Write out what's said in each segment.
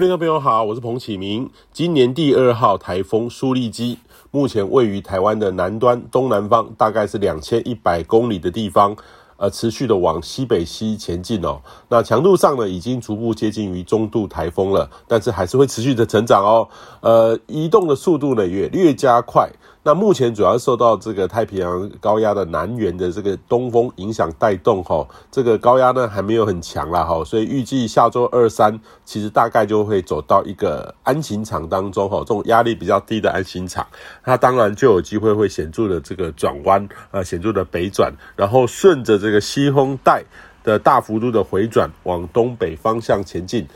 各位朋友好，我是彭啟明。今年第二號颱風舒力基，目前位於台灣的南端東南方，大概是兩千一百公里的地方，呃，持續的往西北西前進哦。那強度上呢，已經逐步接近於中度颱風了，但是還是會持續的成長哦。呃，移動的速度呢也略加快。那目前主要受到這個太平洋高壓的南緣的這個東風影響帶動，哦、這個高壓呢還沒有很強啦，哦、所以預計下周二三其實大概就會走到一個鞍型場當中，哦、這種壓力比較低的鞍型場，那當然就有機會會顯著的這個轉彎，呃、顯著的北轉，然後順着這個西風帶的大幅度的回轉往東北方向前進。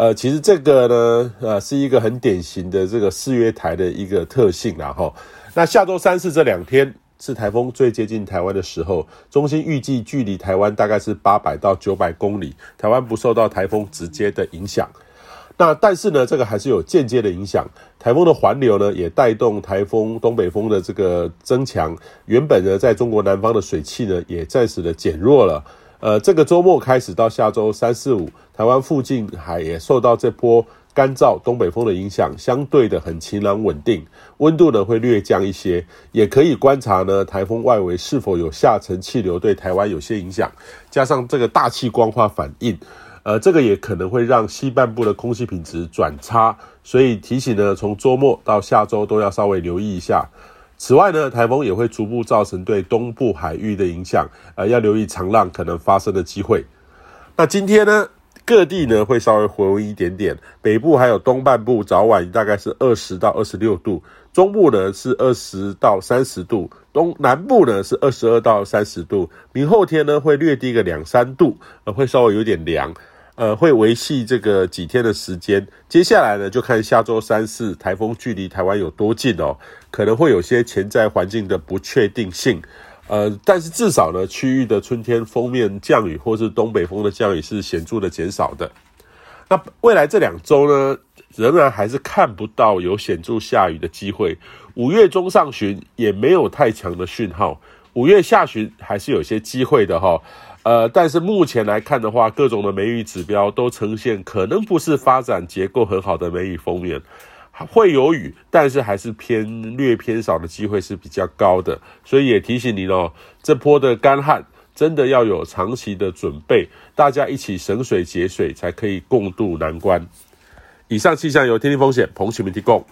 呃，其實這個呢，呃，是一個很典型的這個四月台的一個特性，然後。那下周三四這兩天，是颱風最接近台灣的時候，中心預計距離台灣大概是八百到九百公里，台灣不受到颱風直接的影響。那但是呢，這個還是有間接的影響，颱風的環流呢也帶動颱風東北風的這個增強，原本呢在中國南方的水汽呢也暫時的減弱了。呃，這個周末開始到下周三四五，台灣附近海也受到這波乾燥東北風的影響，相對的很晴朗穩定，溫度呢會略降一些，也可以觀察呢颱風外圍是否有下沉氣流對台灣有些影響，加上這個大氣光化反應，呃，這個也可能會讓西半部的空氣品質轉差，所以提醒呢，從周末到下周都要稍微留意一下。此外呢，颱風也會逐步造成對東部海域的影響，呃，要留意長浪可能發生的機會。那今天呢，各地呢會稍微回溫一點點，北部還有東半部早晚大概是二十到二十六度，中部呢是二十到三十度，東南部呢是二十二到三十度，明後天呢會略低個兩三度，呃，會稍微有點涼。呃，會維繫這個幾天的時間。接下來呢，就看下周三、四颱風距離台灣有多近哦，可能會有些潛在環境的不確定性。呃，但是至少呢，區域的春天鋒面降雨或是東北風的降雨是顯著的減少的。那未來這兩週呢，仍然還是看不到有顯著下雨的機會。五月中上旬也沒有太強的訊號。五月下旬還是有些機會的哈、哦，呃，但是目前來看的話，各種的梅雨指標都呈現，可能不是發展結構很好的梅雨鋒面。會有雨，但是還是偏略偏少的機會是比較高的，所以也提醒您哦，這波的乾旱真的要有長期的準備，大家一起省水節水才可以共度難關。以上氣象由天氣風險彭啟明提供。